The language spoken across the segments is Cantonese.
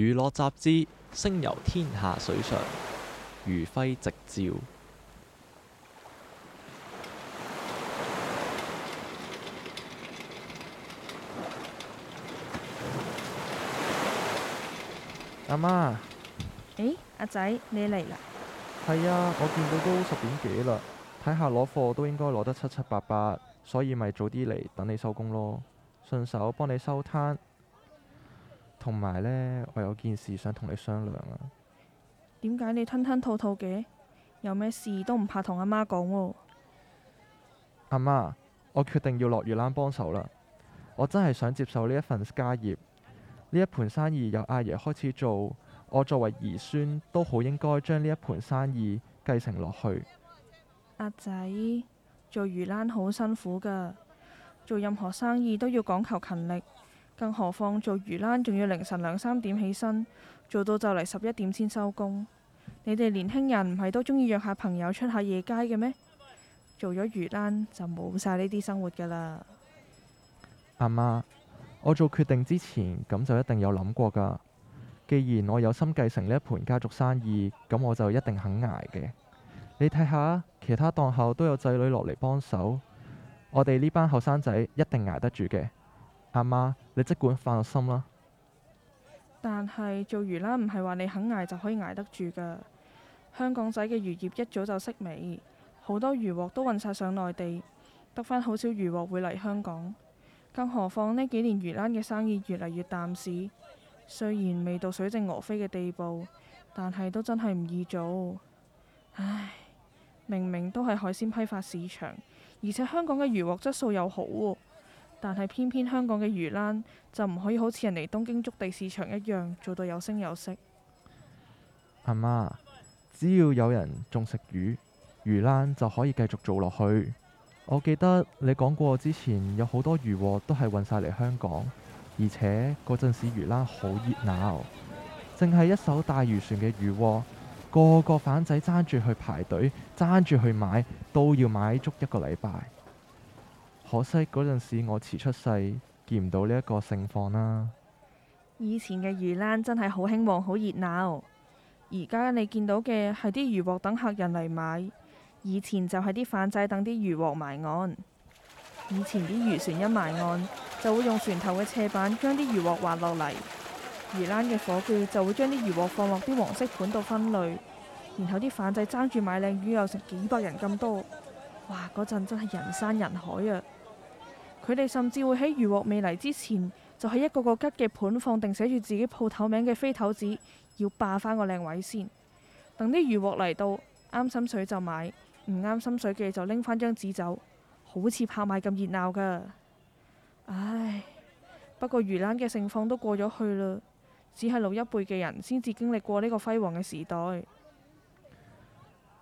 娛樂雜誌，星遊天下水上餘暉直照。阿媽，欸，阿仔，你嚟啦？係啊，我見到都十點幾啦，睇下攞貨都應該攞得七七八八，所以咪早啲嚟等你收工咯，順手幫你收攤。同埋呢，我有件事想同你商量啊。點解你吞吞吐吐嘅？有咩事都唔怕同阿媽講喎啊。阿媽，我決定要落魚欄幫手啦。我真係想接受呢一份家業，呢一盤生意由阿爺開始做，我作為兒孫都好應該將呢一盤生意繼承落去。阿仔，做魚欄好辛苦㗎，做任何生意都要講求勤力。更何況做魚欄，仲要凌晨兩三點起身，做到就嚟十一點先收工。你哋年輕人唔係都中意約下朋友出下夜街嘅咩？做咗魚欄就冇晒呢啲生活噶啦。阿媽，我做決定之前咁就一定有諗過㗎。既然我有心繼承呢一盤家族生意，咁我就一定肯捱嘅。你睇下其他檔口都有仔女落嚟幫手，我哋呢班後生仔一定捱得住嘅。阿媽。你即管放心啦。但係做魚欄，唔係話你肯捱就可以捱得住㗎。香港仔嘅漁業一早就式微，好多漁獲都運晒上內地，得返好少漁獲會嚟香港。更何況呢幾年魚欄嘅生意越嚟越淡市。雖然未到水靜鵝飛嘅地步，但係都真係唔易做。唉，明明都係海鮮批發市場，而且香港嘅漁獲質素又好喎。但係偏偏香港嘅魚欄就唔可以好似人哋東京築地市場一樣做到有聲有色。阿媽，只要有人仲食魚，魚欄就可以繼續做落去。我記得你講過之前有好多漁獲都係運晒嚟香港，而且嗰陣時魚欄好熱鬧，淨係一艘大漁船嘅漁獲，個個反仔爭住去排隊，爭住去買，都要買足一個禮拜。可惜嗰陣時我遲出世，見唔到呢一個盛況啦。以前嘅魚欄真係好興旺，好熱鬧。而家你見到嘅係啲漁獲等客人嚟買，以前就係啲販仔等啲漁獲埋岸。以前啲漁船一埋岸，就會用船頭嘅斜板將啲漁獲滑落嚟。魚欄嘅夥計就會將啲漁獲放落啲黃色盤度分類，然後啲販仔爭住買靚魚，又成幾百人咁多。哇！嗰陣真係人山人海啊！佢哋甚至會喺魚獲未嚟之前，就喺一個個吉嘅盤放定寫住自己鋪頭名嘅飛頭紙，要霸返個靚位先。等啲魚獲嚟到，啱心水就買，唔啱心水嘅就拎返張紙走，好似拍賣咁熱鬧噶。唉，不過魚欄嘅盛況都過咗去啦，只係老一輩嘅人先至經歷過呢個輝煌嘅時代。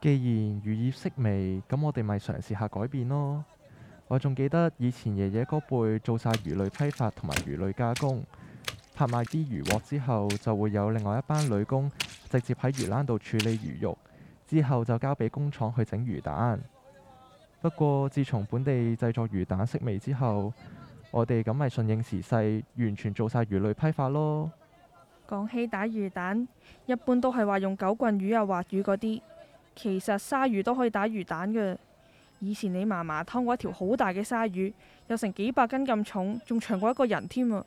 既然漁業式微，咁我哋咪嘗試下改變咯。我仲記得以前爺爺嗰輩做晒魚類批發同埋魚類加工，拍賣啲漁獲之後，就會有另外一班女工直接喺魚欄度處理魚肉，之後就交俾工廠去整魚蛋。不過，自從本地製作魚蛋式微之後，我哋咁咪順應時勢，完全做晒魚類批發咯。講起打魚蛋，一般都係話用狗棍魚啊、滑魚嗰啲，其實鯊魚都可以打魚蛋嘅。以前你嫲嫲劏過一條好大嘅鯊魚，有成幾百斤咁重，仲長過一個人添啊！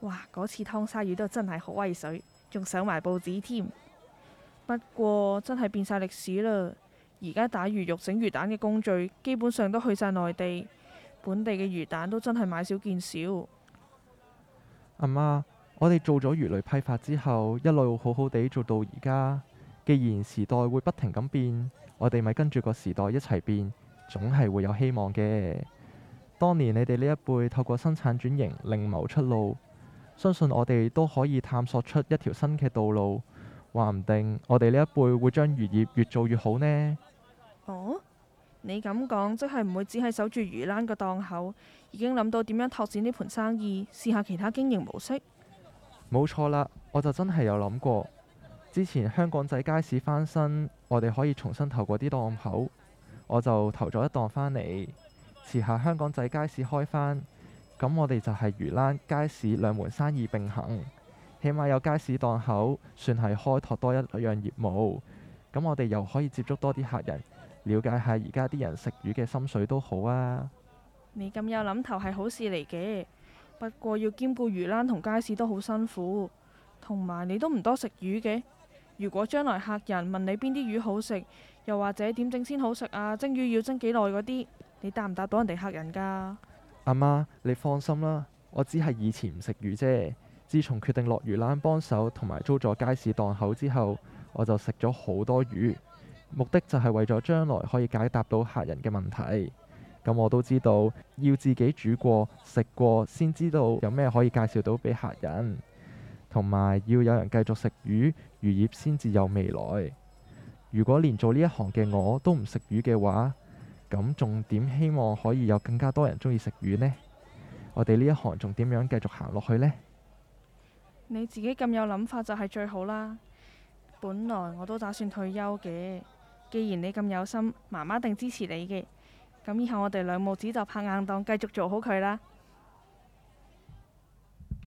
哇，嗰次劏鯊魚都真係好威水，仲上埋報紙添。不過真係變晒歷史啦！而家打魚肉整魚蛋嘅工序基本上都去晒內地，本地嘅魚蛋都真係買少見少。阿媽，我哋做咗魚類批發之後，一路好好地做到而家。既然時代會不停咁變，我哋咪跟住個時代一齊變。總係會有希望嘅。當年你哋呢一輩透過生產轉型另謀出路，相信我哋都可以探索出一條新嘅道路。話唔定我哋呢一輩會將漁業越做越好呢？哦，你咁講即係唔會只係守住魚欄個檔口，已經諗到點樣拓展呢盤生意，試下其他經營模式。冇錯啦，我就真係有諗過。之前香港仔街市翻新，我哋可以重新投過啲檔口。我就投咗一檔返嚟，遲下香港仔街市開返。咁我哋就係魚欄街市兩門生意並行，起碼有街市檔口算係開拓多一樣業務。咁我哋又可以接觸多啲客人，了解下而家啲人食魚嘅心水都好啊。你咁有諗頭係好事嚟嘅，不過要兼顧魚欄同街市都好辛苦，同埋你都唔多食魚嘅。如果將來客人問你邊啲魚好食？又或者點整先好食啊？蒸魚要蒸幾耐嗰啲，你答唔答到人哋客人㗎？阿媽，你放心啦，我只係以前唔食魚啫。自從決定落魚欄幫手同埋租咗街市檔口之後，我就食咗好多魚，目的就係為咗將來可以解答到客人嘅問題。咁、嗯、我都知道要自己煮過食過先知道有咩可以介紹到俾客人，同埋要有人繼續食魚，漁業先至有未來。如果連做呢一行嘅我都唔食魚嘅話，咁仲點希望可以有更加多人中意食魚呢？我哋呢一行仲點樣繼續行落去呢？你自己咁有諗法就係最好啦。本來我都打算退休嘅，既然你咁有心，媽媽定支持你嘅。咁以後我哋兩母子就拍硬檔，繼續做好佢啦。